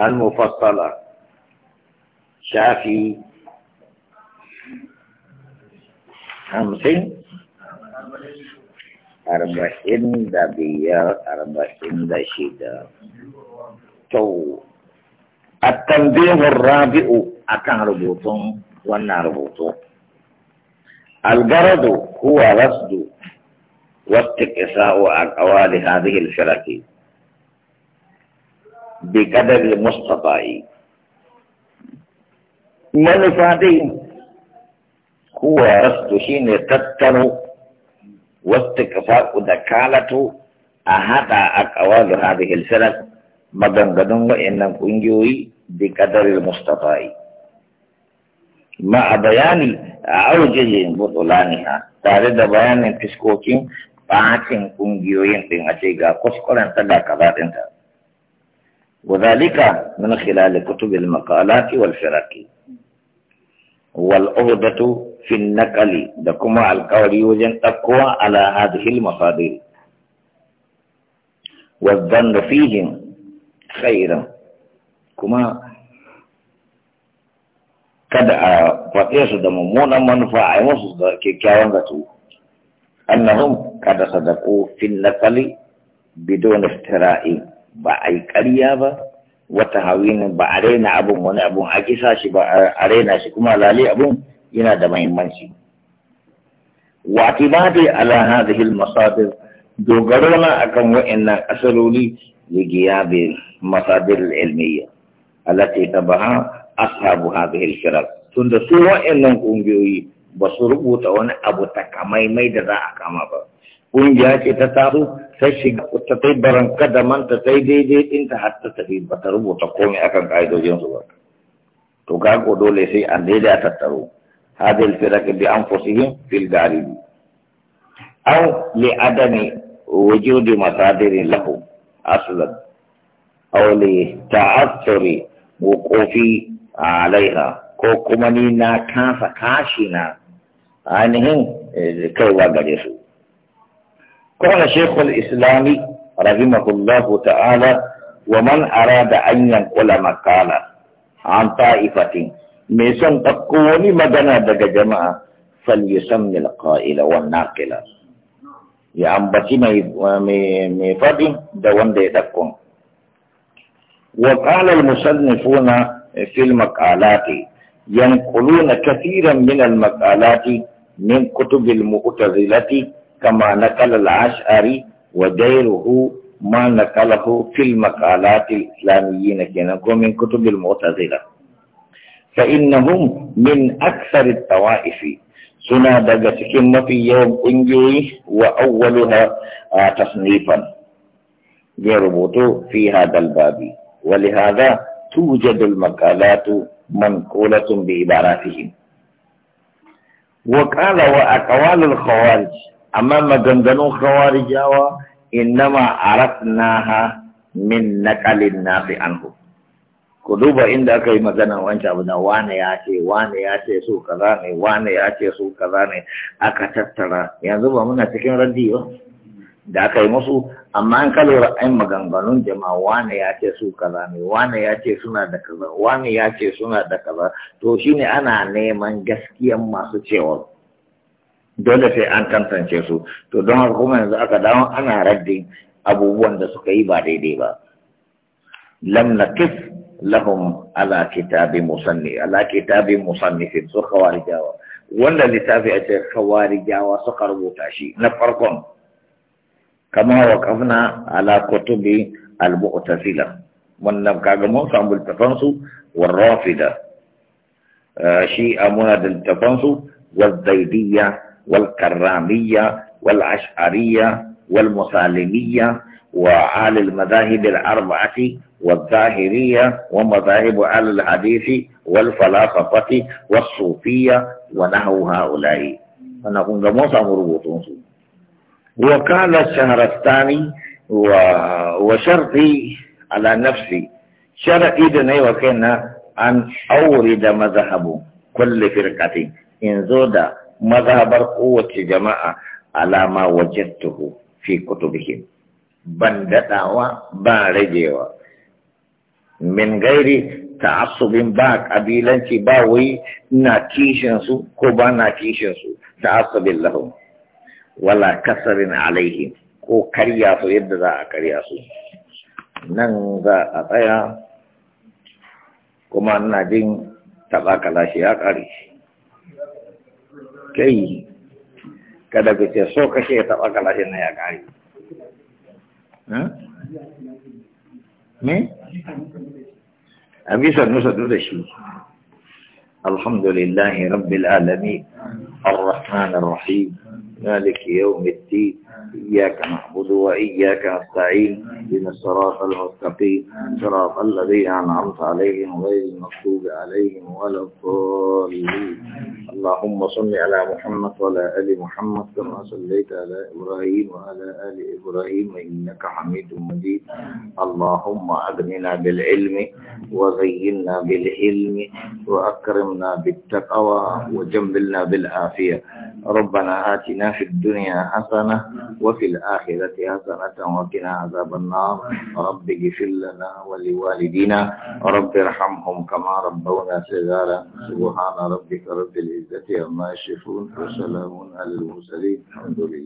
المفصلة شافي خمسين أربعين دبيار أربعين دشيدة تو التنبيه الرابع أكان ربوتون وانا ربوتون الغرض هو رصد واستكساء أقوال هذه الفرقين بقدر المصطفى من فادي هو رست شين تتنو واستكفاء دكالتو أهدا أقوال هذه السنة مدن قدن وإنن كنجوي بقدر المصطفى ما أبياني أرجي بطلانها تارد بيان تسكوكين باعتين كنجيوين تنجيغا كسكولن تدا كبارين تنجيغا وذلك من خلال كتب المقالات والفرق والأهدة في النقل دكما القول يوجد تقوى على هذه المصادر والظن فيهم خيرا كما قد فقيس دمومون من فاعموس كيكاوان ذاتو أنهم قد صدقوا في النقل بدون افترائي ba a yi ƙarya ba wata hawin ba a raina abun wani abun a kisa shi ba a raina shi kuma lale abun yana da mahimmanci واعتمادي على هذه المصادر دوغرونا أكم وإن أسلولي لجياب المصادر العلمية التي تبعها أصحاب هذه الشرط تند سوى إن أنجوي بصربوت وأن أبو تكامي ميدا أكاما بقى ƙungiya ce ta taru ta shiga ta kai baranka da manta sai daidai ɗinta har ta tafi ba ta rubuta komai akan su ba to ka ko dole sai an daidai a tattaro hadil firaq bi anfusihim fil garibi aw li adami wujudi masadirin lahu aslan aw li ta'assuri wuqufi alaiha ko kuma ni na kasa kashi na ainihin eh, kaiwa gare su قال شيخ الإسلام رحمه الله تعالى ومن أراد أن ينقل مقالا عن طائفة ميسن تقوني مدنا دق جماعة فليسمي القائل والناقل يا أمبتي مي فدي دوان دي تكون وقال المصنفون في المقالات ينقلون كثيرا من المقالات من كتب المعتزلة كما نقل العشعري وغيره ما نقله في المقالات الإسلاميين كنقو من كتب المعتزلة فإنهم من أكثر الطوائف سنادقة كمة في يوم إنجي وأولها آه، تصنيفا يربط في هذا الباب ولهذا توجد المقالات منقولة بعباراتهم وقال وأقوال الخوارج amma maganganun khawarijawa innama arafnaha min naqalin nafi anhu ku duba inda aka yi magana wancan abu na wane ya ce wane ya ce su kaza ne wane ya ce su kaza ne aka tattara yanzu ba muna cikin radiyo da aka yi musu amma an kalli ra'ayin maganganun jama'a wane ya ce su kaza ne wane ya ce suna da kaza wane ya ce suna da kaza to shine ana neman gaskiyan masu cewa dole sai an tantance su to don haka kuma yanzu aka dawo ana raddin abubuwan da suka yi ba daidai ba lam nakif lahum ala kitabi musanni ala kitabi musannifin su khawarijawa wanda littafi a ce khawarijawa suka rubuta shi na farkon kama wa kafna ala kutubi al-mu'tazila wannan kaga mun samu littafan su rafida shi amuna da littafan su zaidiyya والكرامية والأشعرية والمسالمية وعال المذاهب الأربعة والظاهرية ومذاهب أهل الحديث والفلاسفة والصوفية ونحو هؤلاء أنا كنت موسى مربوطون وقال الشهرستاني و... وشرطي على نفسي شرطي دني وكنا أن أورد مذهب كل فرقة إن زود mazhabar kowace jama'a alama wajattuhu fi kutubihim ban daɗawa, ba ragewa min gairi ta'assubin ba kabilanci ba wai na kishin su ko ba na kishin su ta'assubin lahum wala kasarin alaihi. ko karya su yadda za a karya su nan za a tsaya kuma ina jin taɓa kalashi ya ƙari. kai kada ku ce so kashe ya taɓa kalashin na ya kari eh? me? a bisa nusa da shi alhamdulillahi rabbil alami الرحمن الرحيم مالك يوم الدين إياك نعبد وإياك نستعين من الصراط المستقيم صراط الذين أنعمت عليهم غير المغضوب عليهم ولا الضالين اللهم صل على محمد وعلى آل محمد كما صليت على إبراهيم وعلى آل إبراهيم إنك حميد مجيد اللهم أغننا بالعلم وزينا بالحلم وأكرمنا بالتقوى وجملنا بالعافية ربنا آتنا في الدنيا حسنة وفي الآخرة حسنة وقنا عذاب النار رب اغفر لنا ولوالدينا رب ارحمهم كما ربونا صغارا سبحان ربك رب العزة عما يصفون وسلام على المرسلين الحمد لله